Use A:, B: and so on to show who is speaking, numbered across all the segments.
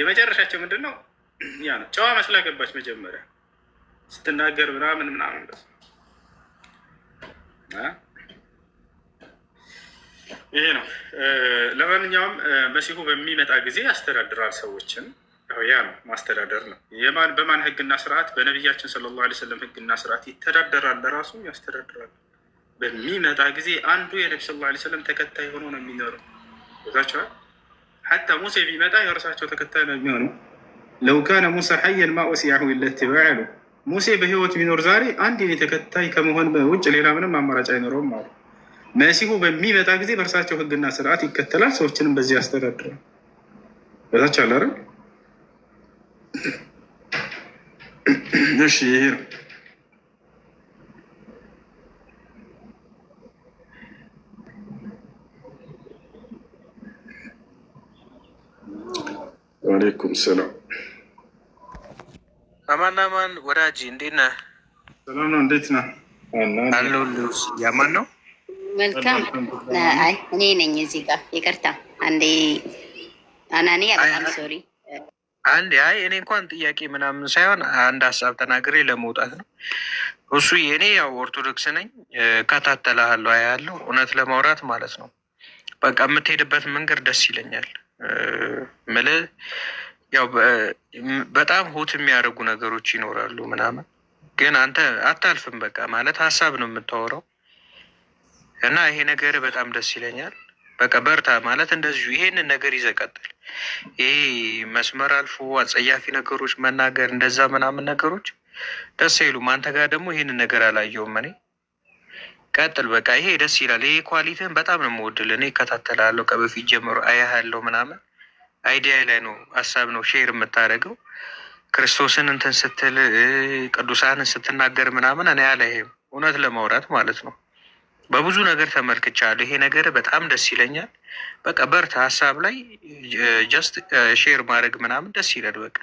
A: የመጨረሻቸው ምንድን ነው? ያ ነው ጨዋ መስላ ገባች መጀመሪያ ስትናገር ምናምን ምናምን ደስ ይሄ ነው። ለማንኛውም መሲሁ በሚመጣ ጊዜ ያስተዳድራል ሰዎችን። ያ ነው ማስተዳደር ነው። በማን ህግና ስርዓት? በነቢያችን ሰለላሁ ዓለይሂ ወሰለም ህግና ስርዓት ይተዳደራል፣ ለራሱ ያስተዳድራል። በሚመጣ ጊዜ አንዱ የነቢ ሰለላሁ ዓለይሂ ወሰለም ተከታይ ሆኖ ነው የሚኖረው። ሐታ ሙሴ ቢመጣ የእርሳቸው ተከታይ ነው የሚሆነው። ለው ካነ ሙሳ ሐየን ማ ወሲዐሁ ኢላ አሉ። ሙሴ በህይወት ቢኖር ዛሬ አንድ የኔ ተከታይ ከመሆን ውጭ ሌላ ምንም አማራጭ አይኖረውም አሉ። መሲሁ በሚመጣ ጊዜ በእርሳቸው ህግና ስርዓት ይከተላል፣ ሰዎችንም በዚህ ያስተዳድራል። በዛች አላረ እሺ ይሄ ነው
B: ዋሌኩም ሰላም።
A: አማን አማን ወዳጅ እንዴት ነህ?
B: ሰላም ነው። እንዴት ነህ?
A: አለሁልህ። ያማን ነው።
C: መልካም። አይ እኔ ነኝ እዚህ ጋር ይቅርታ። አንዴ አናኒ ያቃል ሶሪ።
A: አንድ አይ እኔ እንኳን ጥያቄ ምናምን ሳይሆን አንድ ሀሳብ ተናግሬ ለመውጣት ነው። እሱ የእኔ ያው ኦርቶዶክስ ነኝ፣ እከታተልሃለሁ፣ አያለሁ። እውነት ለማውራት ማለት ነው በቃ የምትሄድበት መንገድ ደስ ይለኛል። ምል ያው በጣም ሆት የሚያደርጉ ነገሮች ይኖራሉ ምናምን፣ ግን አንተ አታልፍም። በቃ ማለት ሀሳብ ነው የምታወራው እና ይሄ ነገር በጣም ደስ ይለኛል። በቃ በርታ ማለት እንደዚሁ ይሄንን ነገር ይዘቀጥል ይሄ መስመር አልፎ አጸያፊ ነገሮች መናገር እንደዛ ምናምን ነገሮች ደስ አይሉም። አንተ ጋር ደግሞ ይሄንን ነገር አላየውም እኔ ቀጥል በቃ ይሄ ደስ ይላል። ይሄ ኳሊቲን በጣም ነው የምወድል። እኔ እከታተላለሁ ከበፊት ጀምሮ አያሃለሁ ምናምን አይዲያ ላይ ነው ሀሳብ ነው ሼር የምታደርገው ክርስቶስን እንትን ስትል ቅዱሳንን ስትናገር ምናምን እኔ አላይም እውነት ለማውራት ማለት ነው። በብዙ ነገር ተመልክቻለሁ። ይሄ ነገር በጣም ደስ ይለኛል። በቃ በርት ሀሳብ ላይ ጀስት ሼር ማድረግ ምናምን ደስ ይላል። በቃ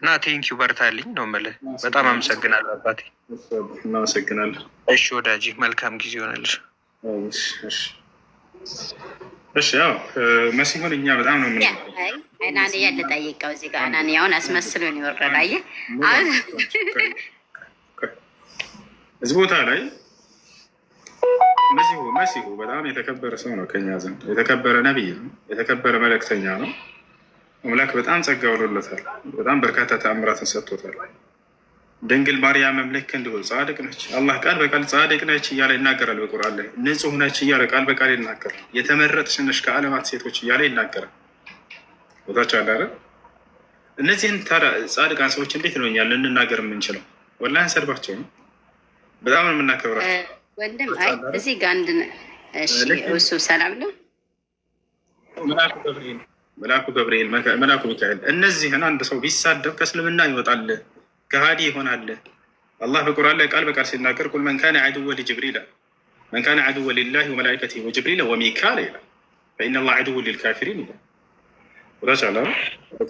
A: እና ቴንኪ በርታልኝ ነው የምልህ። በጣም አመሰግናለሁ አባቴ።
B: እናመሰግናለን።
A: እሺ ወዳጅ፣ መልካም ጊዜ ይሆንልሽ።
B: እሺ ያው መሲሆን እኛ በጣም ነው
C: አናንያ ልጠይቀው እዚህ ጋር አናንያውን አስመስሎን ይወረዳየ
B: እዚህ ቦታ ላይ መሲሁ መሲሁ በጣም የተከበረ ሰው ነው፣ ከኛ ዘንድ የተከበረ ነቢይ ነው፣ የተከበረ መልእክተኛ ነው። አምላክ በጣም ጸጋ ውሎለታል። በጣም በርካታ ተአምራትን ሰጥቶታል። ድንግል ማርያምም ልክ እንዲሁ ጻድቅ ነች። አላህ ቃል በቃል ጻድቅ ነች እያለ ይናገራል በቁርአን ላይ። ንጹህ ነች እያለ ቃል በቃል ይናገራል። የተመረጥሽ ነሽ ከዓለማት ሴቶች እያለ ይናገራል። ቦታቸው አዳረ እነዚህን ታዲያ ጻድቃን ሰዎች እንዴት ነው እኛ ልንናገር የምንችለው? ወላሂ እንሰድባቸው ነው። በጣም ነው የምናከብራቸው
C: ወንድም አይ እዚህ ጋር አንድ እሱ ሰላም ነው።
B: መልአኩ ገብርኤል መልአኩ ሚካኤል እነዚህን አንድ ሰው ቢሳደብ ከእስልምና ይወጣል፣ ከሃዲ ይሆናል። አላህ በቁርአን ላይ ቃል በቃል ሲናገር ቁል መን ካነ ዐድወ ሊጅብሪል መን ካነ ዐድወ ሊላሂ ወመላኢከቲሂ ወጅብሪል ወሚካኤል ይላል። ፈኢነ ላህ ዐድው ሊልካፊሪን ይላል።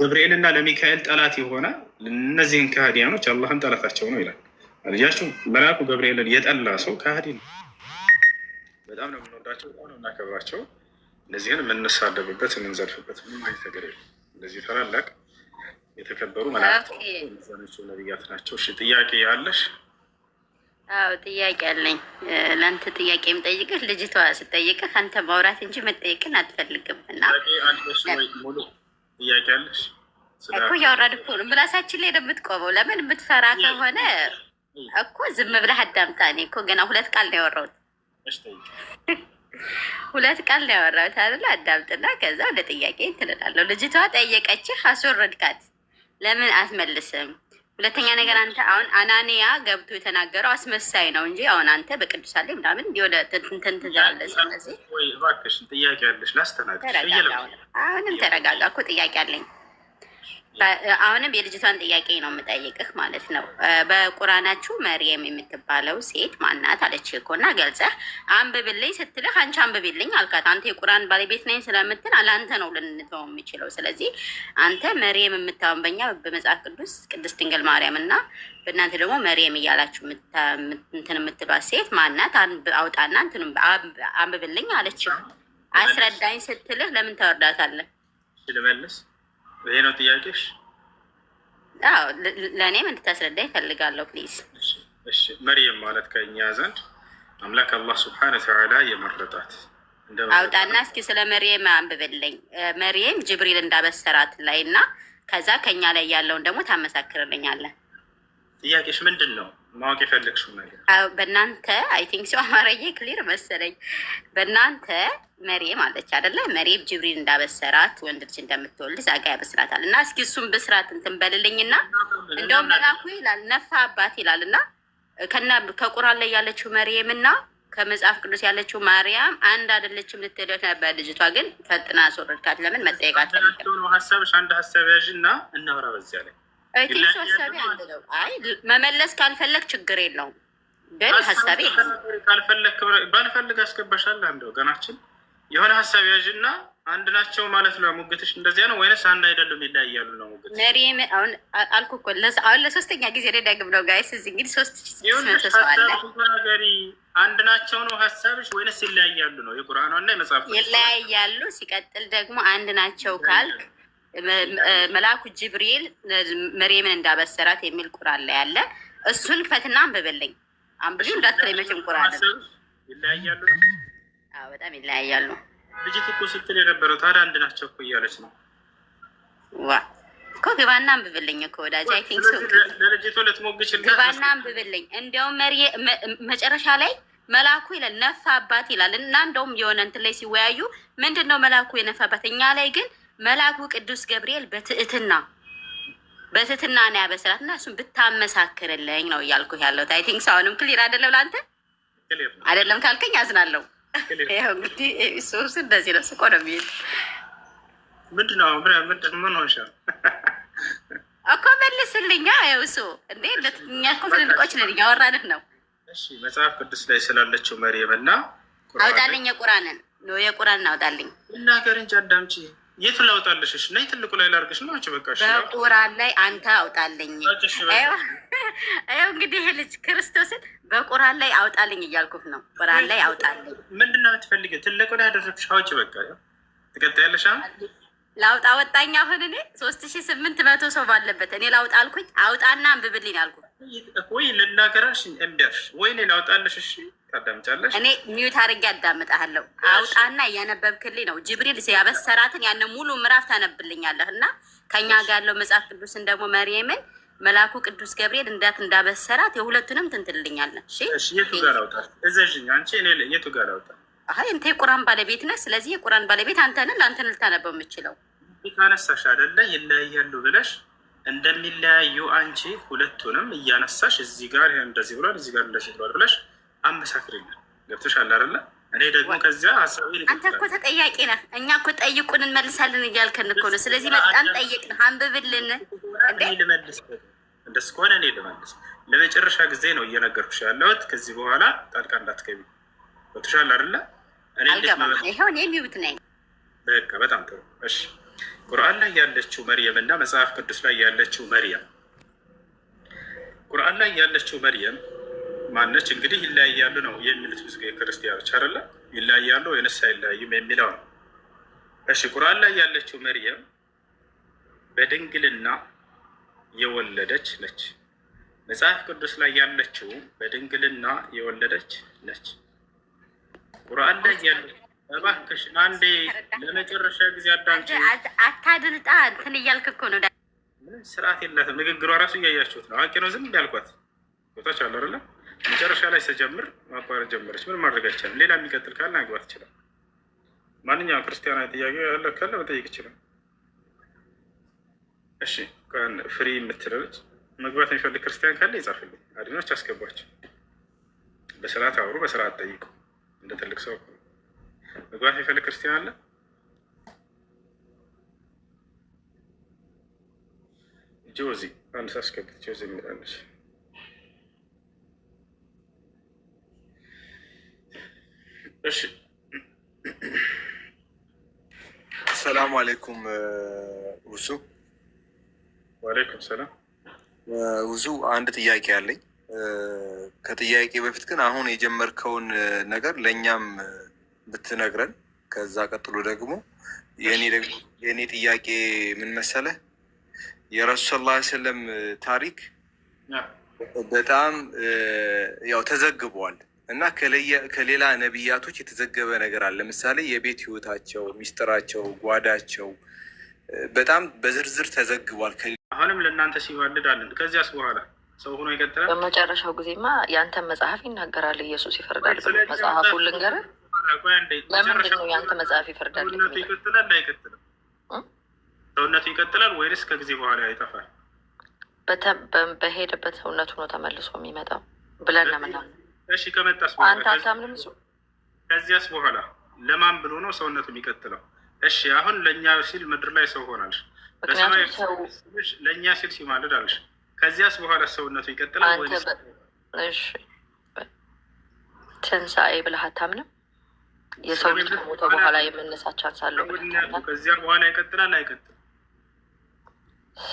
B: ገብርኤልና ለሚካኤል ጠላት የሆነ እነዚህን ከሃዲያኖች አላህም ጠላታቸው ነው ይላል። ልጃችሁ መልአኩ ገብርኤልን የጠላ ሰው ከሃዲ ነው። በጣም ነው የምንወዳቸው፣ በጣም ነው የምናከብራቸው። እነዚህን የምንሳደብበት የምንዘልፍበት ምንም አይነት ነገር የለም። እነዚህ ታላላቅ የተከበሩ መላእክት ነቢያት ናቸው። እሺ ጥያቄ ያለሽ?
C: አዎ ጥያቄ አለኝ። ለአንተ ጥያቄ የምጠይቅህ ልጅቷ ስጠይቅህ አንተ ማውራት እንጂ መጠየቅን አትፈልግም። እና ጥያቄ አለሽ እኮ እያወራድ እኮ ነው ምላሳችን ላይ ነው የምትቆመው። ለምን የምትፈራ ከሆነ እኮ ዝም ብለህ አዳምጣ። እኔ እኮ ገና ሁለት ቃል ነው ያወራሁት፣ ሁለት ቃል ነው ያወራሁት አይደለ? አዳምጥና ከዛ ወደ ጥያቄ ትልላለሁ። ልጅቷ ጠየቀችህ፣ አስወረድካት፣ ለምን አትመልስም? ሁለተኛ ነገር አንተ አሁን አናንያ ገብቶ የተናገረው አስመሳይ ነው እንጂ አሁን አንተ በቅዱሳ ላይ ምናምን እንዲ ወደ ትንትን ትዘራለህ። ስለዚህ
B: እባክሽን ጥያቄ አለሽ ላስተናግድ።
C: አሁንም ተረጋጋ እኮ ጥያቄ አለኝ አሁንም የልጅቷን ጥያቄ ነው የምጠይቅህ ማለት ነው። በቁራናችሁ መርየም የምትባለው ሴት ማናት አለች እኮ እና ገልጸህ አንብብልኝ ስትልህ አንቺ አንብብልኝ አልካት። አንተ የቁራን ባለቤት ነኝ ስለምትል ለአንተ ነው ልንተው የሚችለው። ስለዚህ አንተ መርየም የምታውን በኛ በመጽሐፍ ቅዱስ ቅድስት ድንግል ማርያም እና በእናንተ ደግሞ መርየም እያላችሁ እንትን የምትሏት ሴት ማናት? አውጣና እንትን አንብብልኝ አለችህ። አስረዳኝ ስትልህ ለምን ታወርዳታለን?
B: ልመልስ ይሄ ነው ጥያቄሽ?
C: አዎ ለእኔም እንድታስረዳ ይፈልጋለሁ። ፕሊዝ
B: መርየም ማለት ከእኛ ዘንድ አምላክ አላህ ስብሓነ ወተዓላ የመረጣት
C: አውጣና እስኪ ስለ መርየም አንብብልኝ። መርየም ጅብሪል እንዳበሰራት ላይ እና ከዛ ከኛ ላይ ያለውን ደግሞ ታመሳክርልኛለን።
B: ጥያቄሽ ምንድን ነው? ማወቅ የፈለግሽው ነገር?
C: በእናንተ አይ ቲንክ ሰው አማርዬ ክሊር መሰለኝ። በእናንተ መሬም አለች አደለ? መሬም ጅብሪል እንዳበሰራት ወንድ ልጅ እንደምትወልድ ዛጋ ያበስራታል። እና እስኪ እሱን ብስራት እንትን በልልኝና እንደውም መላኩ ይላል ነፋ አባት ይላል እና ከና ከቁራን ላይ ያለችው መርየም እና ከመጽሐፍ ቅዱስ ያለችው ማርያም አንድ አይደለችም ልትሄደት ነበር። ልጅቷ ግን ፈጥና አስወረድካት። ለምን መጠየቃት
B: ሀሳብሽ አንድ ሀሳብ ያዥ እና እናውራ በዚያ ላይ
C: ሀሳቤ አንድ ነው። አይ መመለስ ካልፈለግ ችግር የለውም፣ ግን ሀሳቤ
B: ካልፈለግ ባልፈልግ አንድ ወገናችን የሆነ ሀሳብ ያዥ እና አንድ ናቸው ማለት ነው ሙግትሽ፣ እንደዚያ ነው አንድ አይደሉም ይለያያሉ ነው
C: አሁን አልኩ እኮ አሁን ለሶስተኛ ጊዜ ደግም ነው ጋይስ። እዚህ እንግዲህ
B: ሶስት አንድ ናቸው ነው ሀሳብሽ ይለያያሉ ነው? የመጽሐፍ
C: ይለያያሉ። ሲቀጥል ደግሞ አንድ ናቸው ካልክ መልአኩ ጅብሪል መሬምን እንዳበሰራት የሚል ቁርአን ላይ ያለ እሱን ፈትና አንብብልኝ። አንብሉ እንዳትለኝ መቼም ቁርአን ይለያያሉ አዎ በጣም ይለያያሉ።
B: ልጅት እኮ ስትል የነበረው ታዲያ አንድ ናቸው እኮ እያለች ነው።
C: ዋ እኮ ግባና አንብብልኝ እኮ ወዳጅ አይ ቲንክ ሶ
B: ለልጅቱ ልትሞግችል
C: ግባና አንብብልኝ። እንዲያውም መርየ መጨረሻ ላይ መልአኩ ይላል ነፋ አባት ይላል እና እንደውም የሆነ እንትን ላይ ሲወያዩ ምንድን ነው መልአኩ አባት እኛ ላይ ግን መልአኩ ቅዱስ ገብርኤል በትዕትና በትዕትና ነው ያበስራት እና እሱም ብታመሳክርልኝ ነው እያልኩ ያለሁት። አይ ቲንክ አሁንም ክሊር አይደለም ለአንተ አይደለም ካልከኝ አዝናለሁ። ይኸው እንግዲህ ሶስ እንደዚህ ነው። ስቆ ነው የሚል ምንድን እኮ መልስልኛ። ይኸው እሱ እንዴ እኛ እኮ ትልልቆች ነን እያወራንህ ነው።
B: መጽሐፍ ቅዱስ ላይ ስላለችው መርየም እና
C: አውጣልኝ የቁራንን ነው የቁራንን አውጣልኝ።
B: እናገር እንጂ አዳምጪ የት ላውጣለሽ? እሺ ነይ ትልቁ ላይ ላርገሽ ነው። አንቺ በቃ
C: በቁራን ላይ አንተ አውጣልኝ። ይኸው እንግዲህ ይሄ ልጅ ክርስቶስን በቁራን ላይ አውጣልኝ እያልኩት ነው። ቁራን ላይ አውጣልኝ።
B: ምንድን ነው የምትፈልጊው? ትልቁ ላይ ያደረግሽ አውጪ። በቃ ትቀጥያለሽ።
C: ላውጣ ወጣኝ። አሁን እኔ ሶስት ሺ ስምንት መቶ ሰው ባለበት እኔ ላውጣ አልኩኝ። አውጣና አንብብልኝ አልኩ
B: ወይ ልናገራሽ እምቢ ወይ እኔ ላውጣልሽ። እሺ ታዳምጫለሽ?
C: እኔ ሚዩት አድርጌ አዳምጣለሁ። አውጣና እያነበብክልኝ ነው። ጅብሪል ያበሰራትን ያንን ሙሉ ምዕራፍ ታነብልኛለህ እና ከኛ ጋር ያለው መጽሐፍ ቅዱስን ደግሞ መርየምን መልአኩ ቅዱስ ገብርኤል እንዳት እንዳበሰራት የሁለቱንም ትንትልኛለን።
B: እሺ የቱ ጋር ላውጣ? እዘዥኝ አንቺ። እኔ የቱ ጋር ላውጣ?
C: አይ እንተ የቁራን ባለቤት ነህ። ስለዚህ የቁራን ባለቤት አንተንን ለአንተን ልታነበው የምችለው
B: ካነሳሽ አደለ ይለያያሉ ብለሽ እንደሚለያዩ አንቺ ሁለቱንም እያነሳሽ እዚህ ጋር እንደዚህ ብሏል፣ እዚህ ጋር እንደዚህ ብሏል ብለሽ አመሳክርልን ገብቶሻል አይደለ? እኔ ደግሞ ከዚያ ሀሳቤ
C: አንተ እኮ ተጠያቂ ነህ። እኛ እኮ ጠይቁን እንመልሳለን እያልከን እኮ ነው። ስለዚህ በጣም ጠይቅ ጠየቅን፣ አንብብልን።
B: እንደስ ከሆነ እኔ ልመልስ። ለመጨረሻ ጊዜ ነው እየነገርኩሽ ያለሁት። ከዚህ በኋላ ጣልቃ እንዳትገቢ ገብቶሻል አይደለ?
C: እኔ ሚውት ነኝ።
B: በቃ በጣም ጥሩ እሺ። ቁርአን ላይ ያለችው መርየም እና መጽሐፍ ቅዱስ ላይ ያለችው መርየም ቁርአን ላይ ያለችው መርየም ማነች እንግዲህ ይለያያሉ ነው የሚሉት ብዙ ክርስቲያኖች አይደለ? ይለያያሉ ወይንስ አይለያዩም የሚለው ነው። እሺ ቁርአን ላይ ያለችው መርየም በድንግልና የወለደች ነች። መጽሐፍ ቅዱስ ላይ ያለችው በድንግልና የወለደች ነች። ቁርአን ላይ ያለ እባክሽን አንዴ ለመጨረሻ ጊዜ አዳንጭ
C: አታድልጣ እንትን እያልክ እኮ ነው።
B: ምንም ስርዓት የላትም። ንግግሯ ራሱ እያያችሁት ነው። አቂ ነው ዝም እንዳልኳት ቦታች አለ አይደለም መጨረሻ ላይ ስጀምር ማቋረጥ ጀመረች። ምን ማድረግ አይቻልም። ሌላ የሚቀጥል ካለ አግባት ይችላል። ማንኛውም ክርስቲያናዊ ጥያቄ ያለ ካለ መጠየቅ ይችላል። እሺ ፍሪ የምትለች መግባት የሚፈልግ ክርስቲያን ካለ ይጻፍልኝ። አድኖች አስገባቸው። በስርዓት አውሩ፣ በስርዓት ጠይቁ። እንደ ትልቅ ሰው መግባት የሚፈልግ ክርስቲያን አለ ጆዚ አንድ ሳስገብት ጆዚ የሚላለች እሺ
D: ሰላም አሌይኩም ውዙ
B: ወአለይኩም ሰላም
D: ውሱ። አንድ ጥያቄ አለኝ። ከጥያቄ በፊት ግን አሁን የጀመርከውን ነገር ለእኛም ብትነግረን፣ ከዛ ቀጥሎ ደግሞ የእኔ ጥያቄ ምን መሰለህ፣ የረሱል ላ ስለም ታሪክ በጣም ያው ተዘግቧል እና ከሌላ ነቢያቶች የተዘገበ ነገር አለ። ለምሳሌ የቤት ህይወታቸው፣ ሚስጥራቸው፣ ጓዳቸው በጣም በዝርዝር ተዘግቧል።
B: አሁንም ለእናንተ ሲዋልዳለን ከዚያስ በኋላ ሰው ሆኖ ይቀጥላል።
E: በመጨረሻው ጊዜማ ያንተን መጽሐፍ ይናገራል። ኢየሱስ ይፈርዳል መጽሐፉን ልንገርህ። ለምንድን ነው ያንተ መጽሐፍ ይፈርዳል? ሰውነቱ
B: ይቀጥላል አይቀጥልም? ሰውነቱ ይቀጥላል ወይንስ ከጊዜ በኋላ ይጠፋል?
E: በሄደበት ሰውነቱ ነው ተመልሶ የሚመጣው ብለን ለምናምን እሺ ከመጣስ በኋላ
B: ከዚያስ በኋላ ለማን ብሎ ነው ሰውነቱ የሚቀጥለው? እሺ አሁን ለእኛ ሲል ምድር ላይ ሰው ሆናልሽ፣ በሰማይ ለእኛ ሲል ሲማልድ አልሽ። ከዚያስ በኋላ ሰውነቱ ይቀጥላል
E: ወይ? ትንሣኤ ብለህ አታምንም? የሰው ልጅ ከሞተ በኋላ የመነሳት ቻንስ አለው።
B: ከዚያ በኋላ ይቀጥላል አይቀጥልም?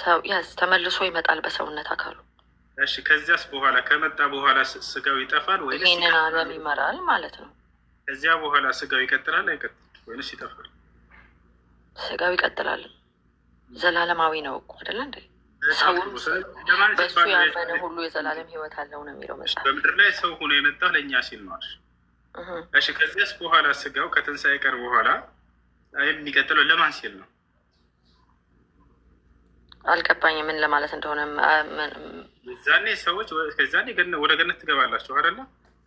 E: ሰው ያዝ ተመልሶ ይመጣል በሰውነት አካሉ
B: እሺ ከዚያስ በኋላ ከመጣ በኋላ ስጋው ይጠፋል ወይ?
E: ይሄንን ዓለም ይመራል ማለት ነው።
B: ከዚያ በኋላ ስጋው ይቀጥላል አይቀጥል ወይስ ይጠፋል?
E: ስጋው ይቀጥላል። ዘላለማዊ ነው እኮ አይደለ እንዴ? ሰውም በሱ ያመነ ሁሉ የዘላለም ህይወት አለው ነው የሚለው
B: መጽሐፍ። በምድር ላይ ሰው ሆኖ የመጣ ለእኛ ሲል ነው። እሺ ከዚያስ በኋላ ስጋው ከትንሣኤ ቀን በኋላ የሚቀጥለው ለማን ሲል ነው?
E: አልገባኝም ምን ለማለት እንደሆነ
B: ዛኔ ሰዎች ከዛኔ ወደ ገነት ትገባላችሁ አይደለ?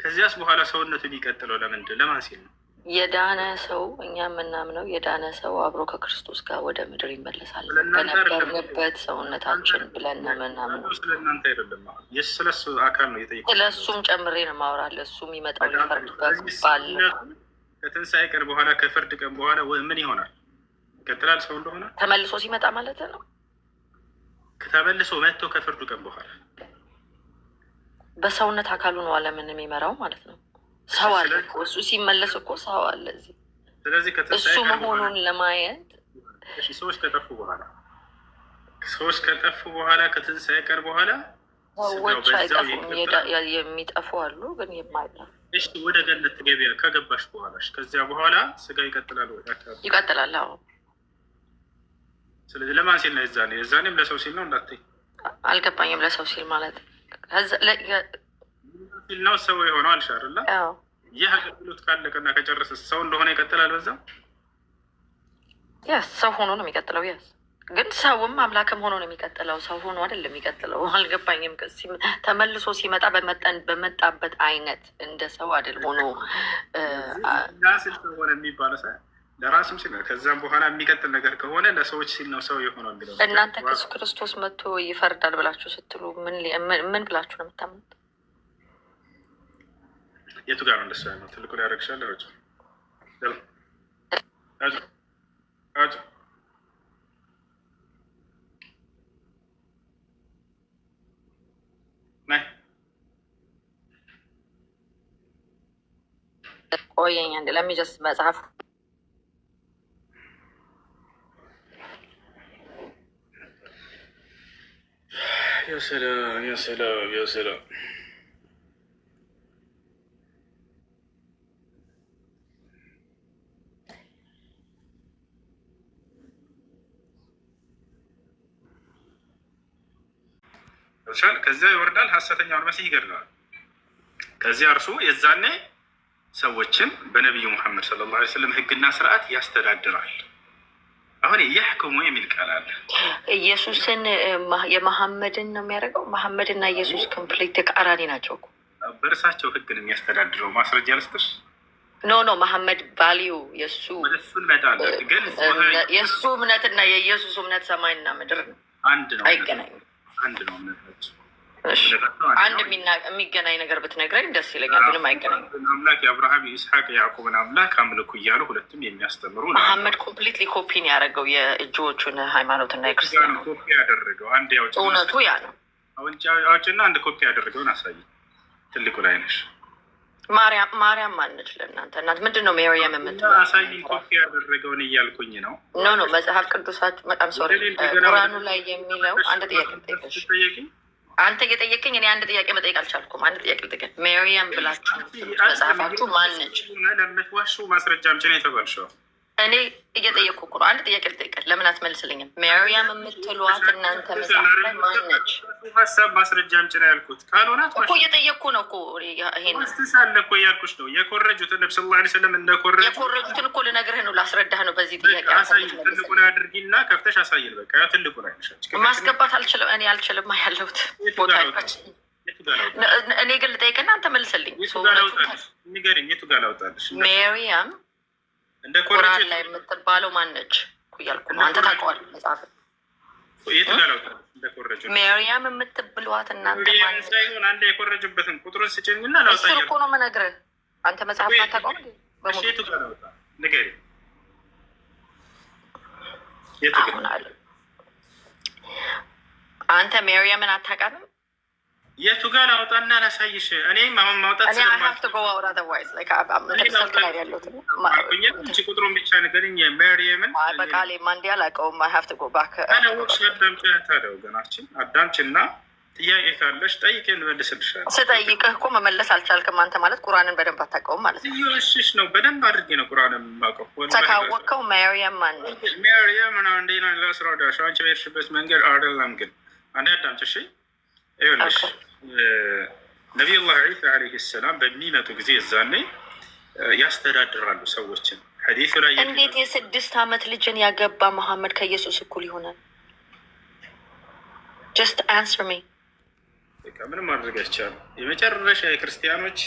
B: ከዚያስ በኋላ ሰውነቱ የሚቀጥለው ለምንድን ለማን ሲል ነው?
E: የዳነ ሰው እኛ የምናምነው የዳነ ሰው አብሮ ከክርስቶስ ጋር ወደ ምድር ይመለሳል ከነበርንበት ሰውነታችን ብለን የምናምነው።
B: ስለእናንተ አይደለም፣ ስለሱ አካል ነው የጠየኩት።
E: ስለሱም ጨምሬ ነው ማውራል። እሱም ይመጣው ሊፈርድ
B: ባለ ከትንሳኤ ቀን በኋላ ከፍርድ ቀን በኋላ ምን ይሆናል? ይቀጥላል ሰው እንደሆነ
E: ተመልሶ ሲመጣ ማለት ነው።
B: ተመልሶ መጥቶ ከፍርዱ ቀን በኋላ
E: በሰውነት አካሉ ነው ዓለምን የሚመራው ማለት ነው። ሰው አለ እሱ ሲመለስ እኮ ሰው አለ እዚህ። እሱ መሆኑን ለማየት
B: ሰዎች ከጠፉ በኋላ ሰዎች ከጠፉ በኋላ ከትንሣኤ ቀር በኋላ
E: ሰዎች አይጠፉም፣ የሚጠፉ አሉ፣ ግን የማይጠፉ
B: እሺ። ወደ ገነት ገቢያ ከገባሽ በኋላ ከዚያ በኋላ ስጋ ይቀጥላል ወይ?
E: ይቀጥላል። አዎ።
B: ስለዚህ ለማን ሲል ነው? የዛኔ የዛኔም ለሰው ሲል ነው እንዳትይ።
E: አልገባኝም። ለሰው ሲል ማለት ነው።
B: ነው ሰው የሆነው አልሻርላ ይህ አገልግሎት ካለቀና ከጨረሰ ሰው እንደሆነ ይቀጥላል። በዛ
E: ያስ ሰው ሆኖ ነው የሚቀጥለው። ያስ ግን ሰውም አምላክም ሆኖ ነው የሚቀጥለው። ሰው ሆኖ አይደለም የሚቀጥለው። አልገባኝም። ተመልሶ ሲመጣ በመጠን በመጣበት አይነት እንደ ሰው አይደል ሆኖ
B: ስልሆነ ሆነ የሚባለው ለራስም ሲል ነው። ከዛም በኋላ የሚቀጥል ነገር ከሆነ ለሰዎች ሲል ነው ሰው የሆነው የሚለው
E: እናንተ ከሱ ክርስቶስ መጥቶ ይፈርዳል ብላችሁ ስትሉ ምን ብላችሁ ነው የምታምኑት?
B: የቱ ጋር ነው እንደሱ ነው ትልቁ ሊያደርግሻል ረጭ
E: ቆየኛ ለሚጀስ መጽሐፍ
B: Ya selam, ya selam, ya selam. ከዚያ ይወርዳል፣ ሀሰተኛውን መሲህ ይገድለዋል። ከዚያ እርሱ የዛኔ ሰዎችን በነቢዩ ሙሐመድ ሰለላሁ ዓለይሂ ወሰለም ህግና ስርዓት ያስተዳድራል። አሁን የሕክሙ የሚል ቃል አለ።
E: ኢየሱስን የመሐመድን ነው የሚያደርገው። መሐመድና ኢየሱስ ኮምፕሊት ተቃራኒ ናቸው።
B: በእርሳቸው ህግን የሚያስተዳድረው ማስረጃ ልስጥሽ።
E: ኖ ኖ መሐመድ ቫሊዩ የሱ የእሱ እምነትና የኢየሱስ እምነት ሰማይና ምድር ነው፣ አንድ ነው፣ አይገናኙም።
B: አንድ ነው እምነታቸው
E: አንድ የሚገናኝ ነገር ብትነግረኝ ደስ ይለኛል። ምንም አይገናኝ።
B: አምላክ የአብርሃም የኢስሐቅ የያዕቆብን አምላክ አምልኩ እያሉ ሁለቱም የሚያስተምሩ
E: መሐመድ ኮምፕሊትሊ ኮፒን ያደረገው የእጅዎቹን ሃይማኖትና
B: የክርስቲያን ኮፒ ያደረገው አንድ ያውጭ
E: እውነቱ ያ ነው።
B: አውጭና አንድ ኮፒ ያደረገውን አሳይ። ትልቁ ላይ ነሽ
E: ማርያም ማርያም ማነች ለእናንተ እናት ምንድን ነው ሜሪያም የምትለው
B: አሳይ ኮፒ ያደረገውን እያልኩኝ ነው
E: ኖ ኖ መጽሐፍ ቅዱሳት በጣም ሶሪ ቁራኑ ላይ የሚለው አንድ ጥያቄ ጠይቀሽ አንተ እየጠየቀኝ እኔ አንድ ጥያቄ መጠየቅ አልቻልኩም። አንድ ጥያቄ ልጠይቅህ። ሜሪያም ብላችሁ
B: መጽሐፋችሁ ማን ነች? ለምትዋሹ ማስረጃ አምጪ የተባልሽው
E: እኔ እየጠየቅኩ እኮ ነው። አንድ ጥያቄ ልጠይቅህ፣ ለምን አትመልስልኝም? ማርያም የምትሏት እናንተ መጽሐፍ
B: ማነች? ሀሳብ ማስረጃ አምጪ ነው ያልኩት። ካልሆናት
E: እኮ እየጠየቅኩ ነው እኮ
B: ይሄንስሳለ እኮ እያልኩሽ ነው። የኮረጁትን ነብስ ላ ስለም እንደኮረ
E: የኮረጁትን እኮ ልነግርህ ነው፣ ላስረዳህ ነው። በዚህ
B: ጥያቄ ትልቁን አድርጊና ከፍተሽ አሳይል። በቃ ትልቁ ትልቁን
E: ማስገባት አልችልም፣ እኔ አልችልም ያለሁት ቦታ እኔ ግን ልጠይቅና አንተ መልስልኝ። ሜሪያም እንደ ኮራን ላይ የምትባለው ማነች እያልኩ ነው። አንተ ታውቀዋለህ መጽሐፍ ሜሪያም የምትብሏት እናንተ
B: ሳይሆን አንድ የኮረጅበትን ቁጥሩን ስጭኝና
E: እሱ እኮ ነው የምነግርህ። አንተ መጽሐፍ አታውቀውም። አንተ ሜሪያምን አታውቃትም።
B: የቱ ጋር ላውጣና ላሳይሽ? እኔ አሁን ማውጣት ስለማልችል ቁጥሩን ብቻ ንገሪኝ። መሪየምን
E: በቃሌ ማንዲ አላውቀውም። uh,
B: ወገናችን አዳምች እና ጥያቄ ካለሽ ጠይቅ፣ እንመልስልሻለን።
E: ስጠይቅህ እኮ መመለስ አልቻልክም አንተ ማለት ቁርአንን በደንብ አታውቀውም ማለት
B: ነው። እየወሽሽ ነው። በደንብ አድርጌ ነው ቁርአንን የማውቀው።
E: ተካወቅከው መሪየም ማን
B: መሪየም ነው? እንዴ ነው ላስረዳሽ። አንቺ በሄድሽበት መንገድ አይደለም ግን አንዴ አዳምጪ እሺ። ይኸውልሽ ነቢዩላህ ዒሳ ዓለይሂ ሰላም በሚመጡ ጊዜ እዛኔ ያስተዳድራሉ ሰዎችን። ሐዲሱ ላይ
E: እንዴት የስድስት ዓመት ልጅን ያገባ መሐመድ ከኢየሱስ እኩል ይሆናል? ጀስት አንስር ሚ።
B: ምንም ማድረግ አይቻልም። የመጨረሻ የክርስቲያኖች